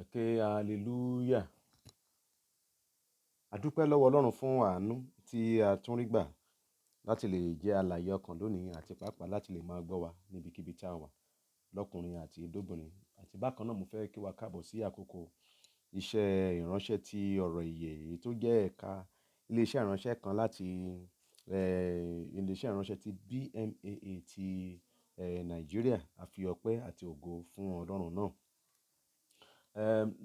Ẹ̀kẹ hallelujah. A dúpẹ́ lọ́wọ́ Ọlọ́run fún àánú tí a tún rí gbà láti lè jẹ́ alààyè ọkàn lónìí àti pàápàá láti lè máa gbọ́ wa níbikíbi tí a wà lọ́kùnrin àti lóbìnrin. Àti bákan náà mo fẹ́ kí wa káàbọ̀ sí àkókò iṣẹ́ ìránṣẹ́ ti ọ̀rọ̀ ìyè èyí tó jẹ́ ẹ̀ka ilé iṣẹ́ ìránṣẹ́ kan láti, eh, ilé iṣẹ́ ìránṣẹ́ ti BMAA ti, eh, Nàìjíríà. A fi ọpẹ́ àti ògo fún Ọlọ́run náà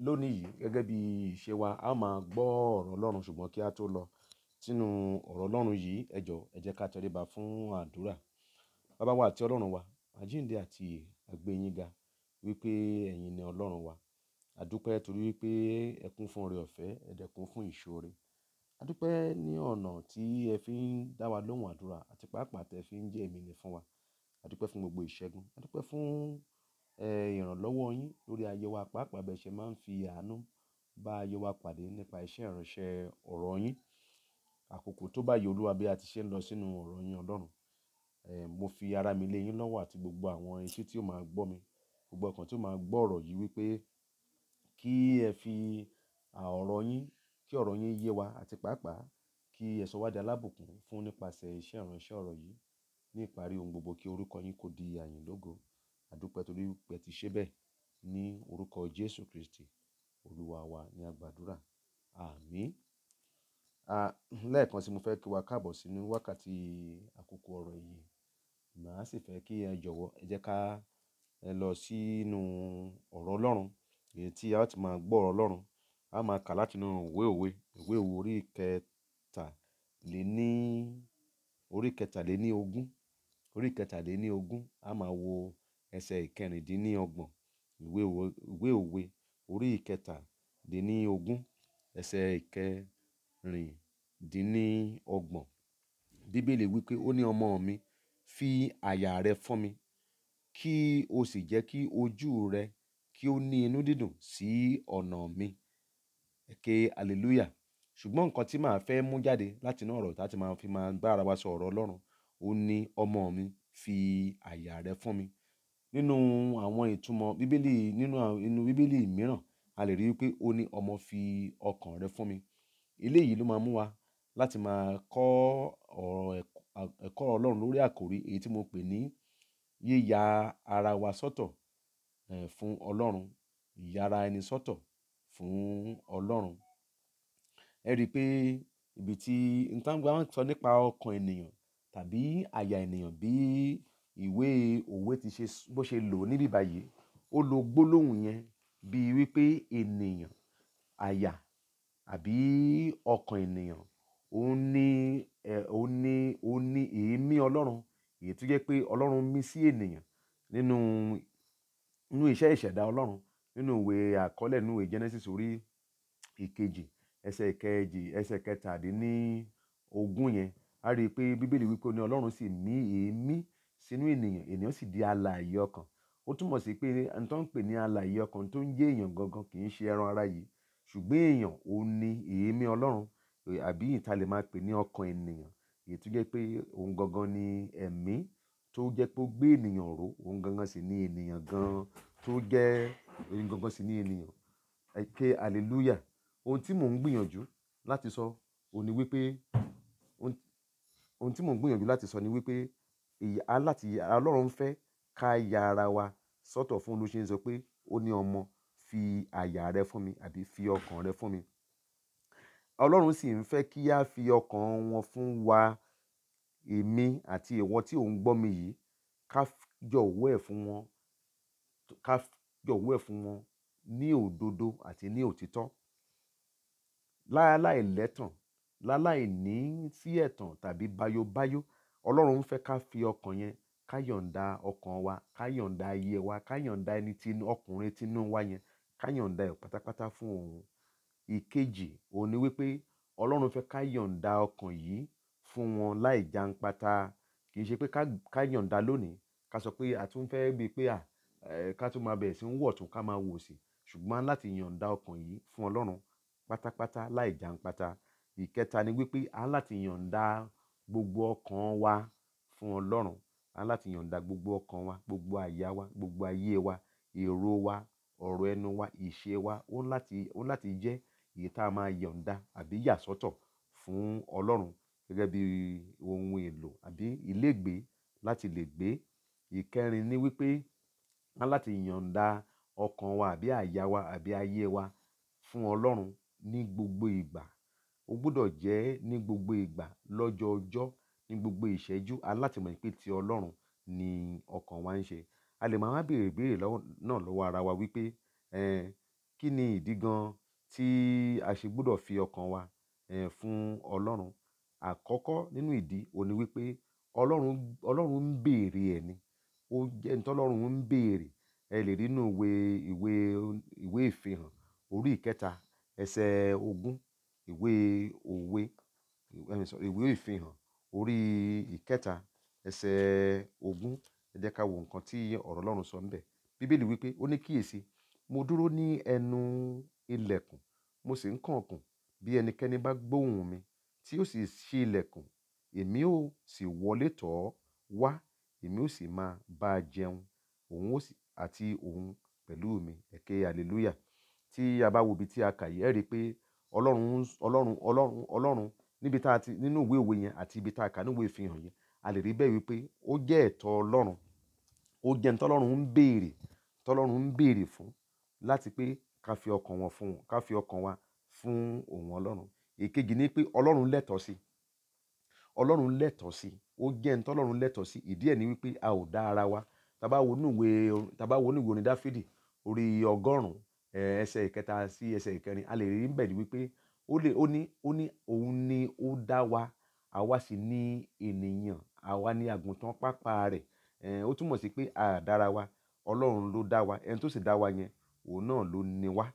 lónìí yìí gẹ́gẹ́ bí ìṣe wa a máa gbọ́ ọ̀rọ̀ Ọlọ́run ṣùgbọ́n kí a tó lọ sínú ọ̀rọ̀ Ọlọ́run yìí ẹ jọ̀ọ́ ká tẹríba fún àdúrà. Baba wa àti Ọlọ́run wa, àjíǹde àti ìyè a wípé ẹ̀yin ni Ọlọ́run wa. A dúpẹ́ torí wípé ẹ kún fún oore ọ̀fẹ́, ẹ dẹ̀ kún fún ìṣoore. A dúpẹ́ ní ọ̀nà tí ẹ fi ń dá wa lóhùn àdúrà àti pàápàá tí fi ń jẹ́ ìmíní fún wa. A fún gbogbo ìṣẹ́gun. A fún ìrànlọ́wọ́ yín lórí ayé wa, pàápàá bí ẹ ṣe máa ń fi àánú bá ayé wa pàdé nípa iṣẹ́ ìránṣẹ́ ọ̀rọ̀ yín. Àkókò tó bá yi Olúwa bí a ti ṣe ń lọ sínú ọ̀rọ̀ yín Ọlọ́run. Mo fi ara mi lé yín lọ́wọ́ àti gbogbo àwọn etí tí ó máa gbọ́ mi, gbogbo ọkàn tí ó máa gbọ́ ọ̀rọ̀ yìí wípé kí ẹ fi ọ̀rọ̀ yín, kí ọ̀rọ̀ yín yé wa àti pàápàá kí ẹ sọ wá alábùkún fún nípasẹ̀ iṣẹ́ ìránṣẹ́ ọ̀rọ̀ yìí. Ní ìparí ohun gbogbo kí orúkọ yín kó di àyìn Àdúpẹ́ torí pé ẹ ti ṣe bẹ́ẹ̀ ní orúkọ Jésù Kristi Olúwa wa ni a gbàdúrà. A, lẹ́ẹ̀kan sí mo fẹ́ kí wa káàbọ̀ sínú wákàtí àkókò ọ̀rọ̀ yìí. Màá sì fẹ́ kí ẹ jọ̀wọ́ ẹ jẹ́ ká ẹ lọ sínú ọ̀rọ̀ Ọlọ́run èyí tí a ó ti máa gbọ́ ọ̀rọ̀ Ọlọ́run. A máa kà láti inú ìwé òwe, ìwé òwe orí kẹtà lé ní, orí kẹtà lé ní ogún, orí kẹtà lé ní ogún. A máa wo ẹsẹ̀ ìkẹrìndínlọ́gbọ̀n, ìwé òwe orí ìkẹtàdínlógún, ẹsẹ̀ ìkẹrìndínlọ́gbọ̀n. Bíbélì wípé ó ní ọmọ mi, fi àyà rẹ fún mi, kí o sì jẹ́ kí ojú rẹ kí ó ní inú dídùn sí ọ̀nà mi. Ẹ ké hallelujah. Ṣùgbọ́n nǹkan tí màá fẹ́ mú jáde láti inú ọ̀rọ̀ tí a máa fi máa bá wa sọ ọ̀rọ̀ Ọlọ́run, ó ní ọmọ mi, fi àyà rẹ fún mi. Nínú àwọn ìtumọ̀ Bíbélì, nínú àwọn inú Bíbélì mìíràn, a lè rí i pé ó ní ọmọ fi ọkàn rẹ fún mi. Eléyìí ló máa mú wa láti máa kọ́ ọ̀rọ̀ ẹ̀kọ́ Ọlọ́run lórí àkòrí èyí tí mo pè ní yíya ara wa sọ́tọ̀, ẹ́, fún Ọlọ́run, ìyara ẹni sọ́tọ̀ fún Ọlọ́run. Ẹ rí i pé ibi tí n ta ń sọ nípa ọkàn ènìyàn tàbí àyà ènìyàn bí ìwé òwe ti ṣe bó ṣe lò ó níbí báyìí ó lo gbólóhùn yẹn bíi wípé ènìyàn àyà àbí ọkàn ènìyàn òun ní ẹ òun ní òun ní èémí ọlọ́run èyí tó jẹ́ pé ọlọ́run mí sí ènìyàn nínú nínú iṣẹ́ ìṣẹ̀dá ọlọ́run nínú ìwé àkọọ́lẹ̀ nínú ìwé Genesis orí ìkejì ẹsẹ̀ ìkejì ẹsẹ̀ kẹtàdínní ogún yẹn a rí i pé bíbélì wípé ọlọ́run sì mí èémí sínú ènìyàn ènìyàn sì di alààyè ọkàn ó túmọ̀ sí pé ẹni tó ń pè ní alààyè ọkàn tó ń jẹ́ èèyàn gangan kì í ṣe ẹran ara yìí ṣùgbọ́n èèyàn ò ní èémí ọlọ́run àbí ìta lè máa pè ní ọkàn ènìyàn èyí tó jẹ́ pé òun gangan ni ẹ̀mí tó jẹ́ pé ó gbé ènìyàn ró òun gangan sì ni ènìyàn gan tó jẹ́ òun gangan sì ni ènìyàn ẹ̀kẹ́ hallelujah ohun tí mò ń gbìyànjú láti sọ òun ni wípé ohun tí mò ń gbìyànjú láti sọ ni wípé aláti Ọlọ́run fẹ́ ká ya ara wa sọ́tọ̀ fún ló ṣe ń sọ pé ó ní ọmọ fi àyà rẹ fún mi àbí fi ọkàn rẹ fún mi. Ọlọ́run sì ń fẹ́ kí a fi ọkàn wọn fún wa. Èmi àti ìwọ tí ò ń gbọ́ mi yìí ká jọ̀wọ́ ẹ̀ fún wọn, ká jọ̀wọ́ ẹ̀ fún wọn ní òdodo àti ní òtítọ́. Láláì lẹ́tàn, láláì ní sí ẹ̀tàn tàbí báyobáyo. Ọlọ́run ń fẹ́ ká fi ọkàn yẹn ká yọ̀ǹda ọkàn wa, ká yọ̀ǹda ayé wa, ká yọ̀ǹda ẹni tí inú ọkùnrin tí inú wa yẹn, ká yọ̀ǹda ẹ̀ pátápátá fún òun. Ikeji, òun ni wípé Ọlọ́run fẹ́ ká yọ̀ǹda ọkàn yìí fún wọn láì janpata. Kì í ṣe pé ká yọ̀ǹda lónìí, ká sọ pé a tún fẹ́ bí pé à, ká tún máa bẹ̀rẹ̀ sí ń wọ̀tún ká máa wòsì. Ṣùgbọ́n láti yọ̀ǹda ọkàn yìí fún Ọlọ́run pátápátá láì janpata. Ìkẹta ni wípé a láti yọ̀ǹda gbogbo ọkàn wa fún ọlọ́run a ní láti yọ̀ǹda gbogbo ọkàn wa gbogbo àyà wa gbogbo ayé wa èrò wa ọ̀rọ̀ ẹnu wa ìṣe wa ó ní láti ó ní láti jẹ́ èyí tá a máa yọ̀ǹda àbí yà sọ́tọ̀ fún ọlọ́run gẹ́gẹ́ bí ohun èlò àbí ilégbèé láti lè gbé. Ìkẹrin ni wípé a ní láti yọ̀ǹda ọkàn wa àbí àyà wa àbí ayé wa fún ọlọ́run ní gbogbo ìgbà ó gbọ́dọ̀ jẹ́ ní gbogbo ìgbà lọ́jọ́ ọjọ́ ní gbogbo ìṣẹ́jú alátìmọ̀ pé ti Ọlọ́run ni ọkàn wa ń ṣe. A lè máa bèèrè ìbéèrè náà lọ́wọ́ ara wa wípé, ẹ́ kí ni ìdí gan tí a ṣe gbọ́dọ̀ fi ọkàn wa, ẹ́ fún Ọlọ́run? Àkọ́kọ́ nínú ìdí òun ní wípé Ọlọ́run, ń bèèrè ẹni. Ó jẹ́ ohun ń bèèrè. Ẹ lè rí nínú ìwé, ìfihàn orí ìkẹta ẹsẹ̀ ogún ìwé òwe, ìwé ìfihàn orí ìkẹta ẹsẹ̀ ogún. Ẹ jẹ́ ká wo nǹkan tí ọ̀rọ̀ Ọlọ́run sọ níbẹ̀. Bíbélì wípé ó ní kíyèsi, mo dúró ní ẹnu ìlẹ̀kùn, mo sì ń kànkùn bí ẹnikẹ́ni bá gbóhùn mi tí ó sì ṣí ìlẹ̀kùn, èmi ó sì wọlé tọ̀ ọ́ wá, èmi ó sì máa bá a jẹun, òun ó sì àti òun pẹ̀lú mi. Ẹ hallelujah. Tí a bá wo ibi tí a kà yìí, ẹ rí pé Ọlọ́run, Ọlọ́run, Ọlọ́run, Ọlọ́run níbi tá a ti nínú ìwé òwe yẹn àti ibi tá a kà nínú ìwé ìfihàn yẹn, a lè rí bẹ́ẹ̀ wípé ó jẹ́ ẹ̀tọ́ Ọlọ́run. Ó jẹ́ ohun tí Ọlọ́run ń bèèrè, tí Ọlọ́run ń bèèrè fún láti pé ká fi ọkàn wọn fún, ká fi ọkàn wa fún òun Ọlọ́run. Èkejì ni pé Ọlọ́run lẹ́tọ̀ọ́ sí. Ọlọ́run lẹ́tọ̀ọ́ sí. Ó jẹ́ ohun lẹ́tọ̀ọ́ sí. Ìdí ẹ ni wípé a ò dá ara wa. Tí a bá wo inú Dafidi, orí ọgọ́rùn-ún ẹsẹ̀ ìkẹta sí ẹsẹ̀ ìkẹrin a lè rí ń bẹ̀ ni wípé ó lè ó ní ó ní òun ni ó dá wa àwa sì ni ènìyàn àwa ni àgùntàn pápá rẹ̀ ó túmọ̀ sí pé a dára wa ọlọ́run ló dá wa ẹni tó sì dá wa yẹn òun náà ló ni wá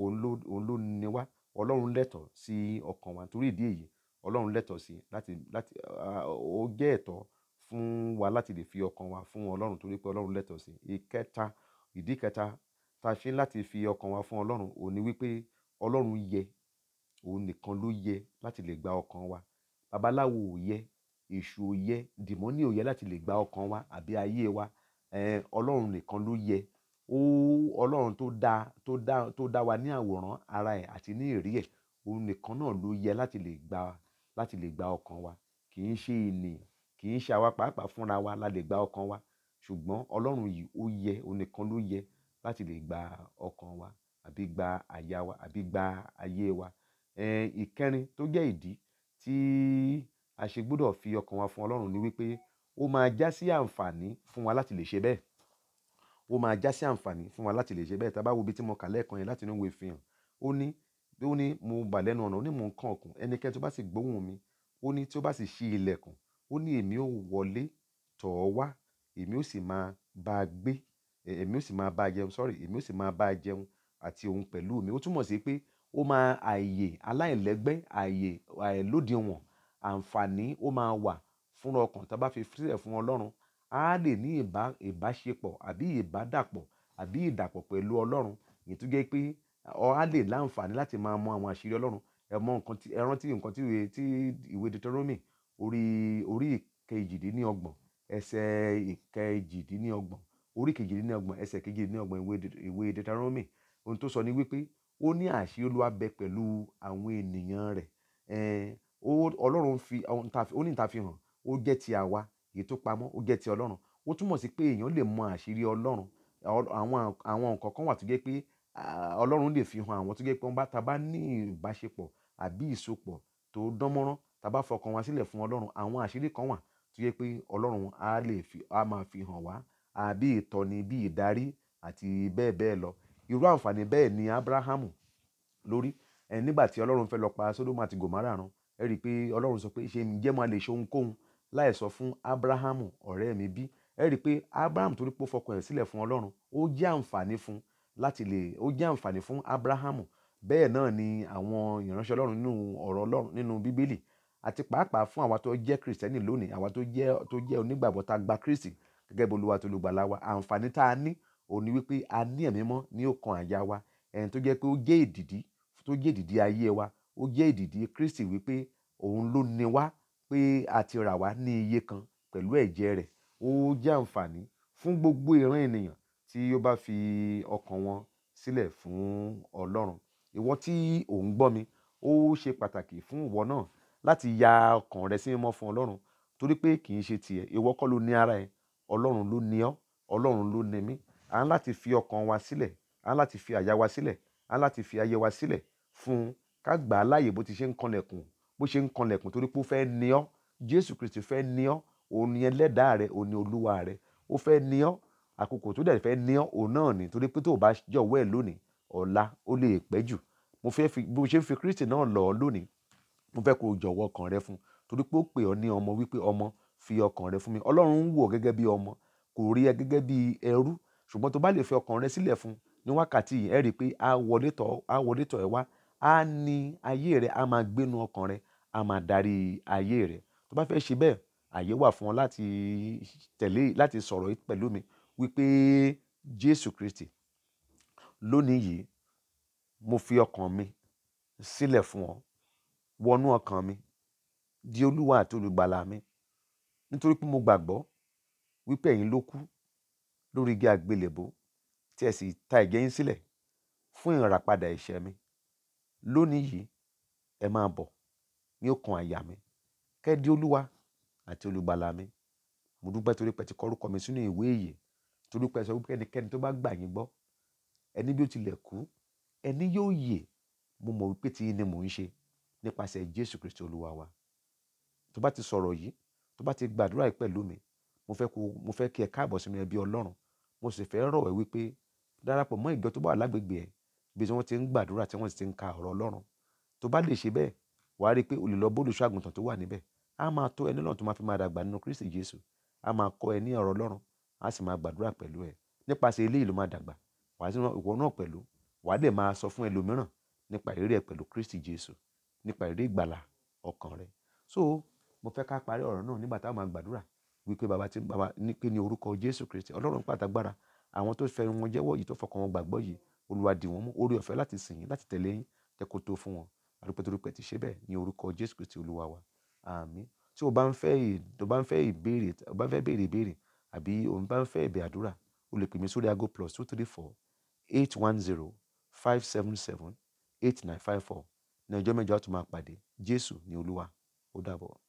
òun ló òun ló ọlọ́run lẹ́tọ̀ọ́ sí ọkàn wa torí ìdí èyí ọlọ́run lẹ́tọ̀ọ́ sí láti láti ó jẹ́ ẹ̀tọ́ fún wa láti lè fi ọkàn wa fún ọlọ́run torí pé ọlọ́run lẹ́tọ̀ọ́ sí ìkẹta ìdí kẹta tá a ṣe láti fi ọkàn wa fún Ọlọ́run òun ni wípé Ọlọ́run yẹ òun nìkan ló yẹ láti lè gba ọkàn wa babaláwo ò yẹ èṣù ò yẹ dìmọ́nì ò yẹ láti lè gba ọkàn wa àbí ayé wa Ọlọ́run nìkan ló yẹ ó Ọlọ́run tó dá tó dá tó dá wa ní àwòrán ara ẹ̀ àti ní èrí ẹ̀ òun nìkan náà ló yẹ láti lè gba láti lè gba ọkàn wa kì í ṣe ènìyàn kì í ṣe àwa pàápàá fúnra wa la lè gba ọkàn wa ṣùgbọ́n Ọlọ́run yìí ó yẹ òun nìkan ló yẹ láti lè gba ọkàn wa àbí gba àyà wa àbí gba ayé wa. Ehn, ìkẹrin tó jẹ́ ìdí tí a ṣe gbọ́dọ̀ fi ọkàn wa fún Ọlọ́run ni wípé ó máa já sí àǹfààní fún wa láti lè ṣe bẹ́ẹ̀. Ó máa já sí àǹfààní fún wa láti lè ṣe bẹ́ẹ̀. Tí wo ibi tí mo kà lẹ́ẹ̀kan yẹn láti inú ìwé Ìfihàn, ó ní, ó ní mo bà lẹ́nu ọ̀nà, ó ní mò ń kàn ìkùn. Ẹnikẹ́ni tí bá sì gbóhùn mi, ó ní tí ó bá sì ṣí ilẹ̀kùn, ó ní èmi ó wọlé tọ̀ ọ́ wá, èmi ó sì máa bá a gbé èmi ó sì máa bá jẹun sorry èmi ó sì máa bá jẹun àti òun pẹ̀lú mi ó túmọ̀ sí pé ó máa ààyè aláìlẹ́gbẹ́ ààyè àìlódiwọ̀n àǹfààní ó máa wà fúnra ọkàn tá a bá fi sílẹ̀ fún Ọlọ́run a lè ní ìbá ìbáṣepọ̀ àbí ìbádàpọ̀ àbí ìdàpọ̀ pẹ̀lú Ọlọ́run èyí tó jẹ́ pé a lè láǹfààní láti máa mọ àwọn àṣírí Ọlọ́run ẹ mọ nǹkan tí ẹ rántí nǹkan tí ìwé tí ìwé Deuteronomy orí orí ìkejìdínlọ́gbọ̀n ẹsẹ̀ ìkejìdínlọ́gbọ̀n orí kejìdínlọ́gbọ̀n ẹsẹ̀ kejìdínlọ́gbọ̀n ìwé Deuteronomy ohun tó sọ ni wípé ó ní àṣẹ Olúwa bẹ pẹ̀lú àwọn ènìyàn rẹ̀ Ọlọ́run fi ó ní ìta fi hàn ó jẹ́ ti àwa èyí tó pamọ́ ó jẹ́ ti Ọlọ́run ó túmọ̀ sí pé èèyàn lè mọ àṣírí Ọlọ́run àwọn nǹkan kan wà tó jẹ́ pé Ọlọ́run lè fi hàn àwọn tó jẹ́ pé wọ́n bá ta bá ní ìbáṣepọ̀ àbí ìsopọ̀ tó dánmọ́rán tá a bá fọkàn wa sílẹ̀ fún Ọlọ́run àwọn àṣírí kan wà tó yẹ pé Ọlọ́run á lè fi á máa fi hàn wá àbí ìtọ́ni bí ìdarí àti bẹ́ẹ̀ bẹ́ẹ̀ lọ irú àǹfààní bẹ́ẹ̀ ni Abrahamu lórí ẹ nígbà tí Ọlọ́run fẹ́ lọ pa Sódómù àti Gòmárà run ẹ rí i pé Ọlọ́run sọ pé ṣé ǹjẹ́ máa lè ṣe ohunkóhun láì sọ fún Abrahamu ọ̀rẹ́ mi bí ẹ rí i pé Abrahamu torí pé ó fọkàn ẹ̀ sílẹ̀ fún Ọlọ́run ó jẹ́ àǹfààní fún láti lè ó jẹ́ àǹfààní fún Abrahamu bẹ́ẹ̀ náà ni àwọn ìránṣẹ́ Ọlọ́run nínú ọ̀rọ̀ Ọlọ́run nínú Bíbélì àti pàápàá fún àwa tó jẹ́ Kìrìsìtẹ́nì lónìí àwa tó jẹ́ tó jẹ́ onígbàgbọ́ tá a gba Kristi gẹ́gẹ́ bí olúwa tó lùgbàlà wa àǹfààní tá a ní òun ni wípé a ní ẹ̀mí mọ́ ní ọkàn àyà wa ẹni tó jẹ́ pé ó jẹ́ ìdìdí tó jẹ́ ìdìdí ayé wa ó jẹ́ ìdìdí Kristi wípé òun ló ni wá pé a ti rà wá ní iye kan pẹ̀lú ẹ̀jẹ̀ rẹ̀ ó jẹ́ àǹfààní fún gbogbo ìran ènìyàn tí ó bá fi ọkàn wọn sílẹ̀ fún Ọlọ́run ìwọ tí ò gbọ́ mi ó ṣe pàtàkì fún ìwọ náà láti ya ọkàn rẹ sí mímọ́ fún Ọlọ́run torí pé kì í ṣe tiẹ̀ ìwọ kọ́ ló ní ara ẹ̀ ọlọ́run ló ní ọ́ ọlọ́run ló ní mí a ń láti fi ọkàn wa sílẹ̀ a ń láti fi àyà wa sílẹ̀ a ń láti fi ayé wa sílẹ̀ fún ká gbà á láàyè bó ti ṣe ń kanlẹ̀kùn bó ṣe ń kanlẹ̀kùn torí pé ó fẹ́ ní ọ́ jésù kristi fẹ́ ní ọ́ òun ni ẹlẹ́dàá rẹ òun ni olúwa rẹ ó fẹ́ ní ọ́ àkókò tó dẹ̀ fẹ́ ní ọ́ òun náà ni torí pé tó o bá jọ̀wọ́ ẹ̀ lónìí ọ̀la ó lè pẹ́ jù mo fẹ́ fi bó ṣe ń fi kristi náà lọ̀ ọ́ lónìí mo fẹ́ kó o jọ̀wọ́ ọkàn rẹ fún torí pé ó pè ọ́ ní ọmọ wípé ọmọ fi ọkàn rẹ fún mi ọlọ́run ń wò ọ́ gẹ́gẹ́ bí ọmọ kò rí ẹ gẹ́gẹ́ bí ẹrú ṣùgbọ́n tó bá lè fi ọkàn rẹ sílẹ̀ fún ní wákàtí yìí ẹ rí i pé á wọlé tọ̀ á wọlé tọ̀ ẹ wá á ní ayé rẹ á máa gbénu ọkàn rẹ á máa darí ayé rẹ tó bá fẹ́ ṣe bẹ́ẹ̀ àyè wà fún ọ láti tẹ̀lé láti sọ̀rọ̀ pẹ̀lú mi wípé Jésù Kristi lónìí yìí mo fi ọkàn mi sílẹ̀ fún ọ wọnú ọkàn mi di olúwa àti olùgbàlà mi nítorí pé mo gbàgbọ́ wípé ẹ̀yin ló kú lórí igi àgbélébó tí ẹ sì ta ẹ̀jẹ̀ yín sílẹ̀ fún ìràpadà ẹ̀ṣẹ̀ mi lónìí yìí ẹ máa bọ̀ ní ọkàn àyà mi kẹ́ di olúwa àti olùgbàlà mi mo dúpẹ́ torí pé ti kọ orúkọ mi sínú ìwé ìyè torí pé sọ wípé ẹnikẹ́ni tó bá gbà yín gbọ́ ẹni bí ó tilẹ̀ kú ẹni yóò yè mo mọ̀ wípé tí yín ni mò ń ṣe nípasẹ̀ Jésù Kristi olúwa wa tó bá ti sọ̀rọ̀ yìí tó bá ti gbàdúrà yìí pẹ̀lú mi mo fẹ́ kó mo fẹ́ kí ẹ káàbọ̀ sínú ẹbí ọlọ́run mo sì fẹ́ rọ̀ ẹ́ wípé darapọ̀ mọ́ ìjọ tó bá wà lágbègbè ẹ̀ bí wọ́n ti ń gbàdúrà tí wọ́n ti ń ka ọ̀rọ̀ ọlọ́run tó bá lè ṣe bẹ́ẹ̀ wà á rí i pé o lè lọ tó wà níbẹ̀ á máa tó ẹni náà tó máa fi máa dàgbà nínú Kristi Jésù á máa kọ́ ẹ ní ọ̀rọ̀ ọlọ́run á sì máa gbàdúrà pẹ̀lú ẹ nípasẹ̀ eléyìí ló máa dàgbà wà á sí ìwọ náà pẹ̀lú wà á dẹ̀ máa sọ fún ẹlòmíràn nípa ìrírí ẹ pẹ̀lú Kristi Jésù nípa ìrírí ìgbàlà ọkàn rẹ so mo fẹ́ ká parí ọ̀rọ̀ náà nígbà táwọn máa gbàdúrà wípé bàbá tí bàbá ní pé ní orúkọ jésù kristi ọlọ́run pàtàgbára àwọn tó fẹ́ wọn jẹ́wọ́ yìí tó fọkàn wọn gbàgbọ́ yìí olúwa dì wọ́n mú oore ọ̀fẹ́ láti sìn yín láti tẹ̀lé yín tẹ́kọ̀ tó fún wọn àdúpẹ́tẹ́dúpẹ́ ti ṣe bẹ́ẹ̀ ní orúkọ jésù kristi olúwa wa àmín tí o bá ń fẹ́ o bá ń fẹ́ ìbéèrè o bá ń fẹ́ béèrè ìbéèrè àbí o bá ń fẹ́ ẹ̀bẹ̀ àdúrà o lè pè mí sórí aago plus two three four eight one zero five seven seven eight nine five four ní ọjọ́ mẹ́jọ a tún máa jésù ní olúwa ó dàbọ̀.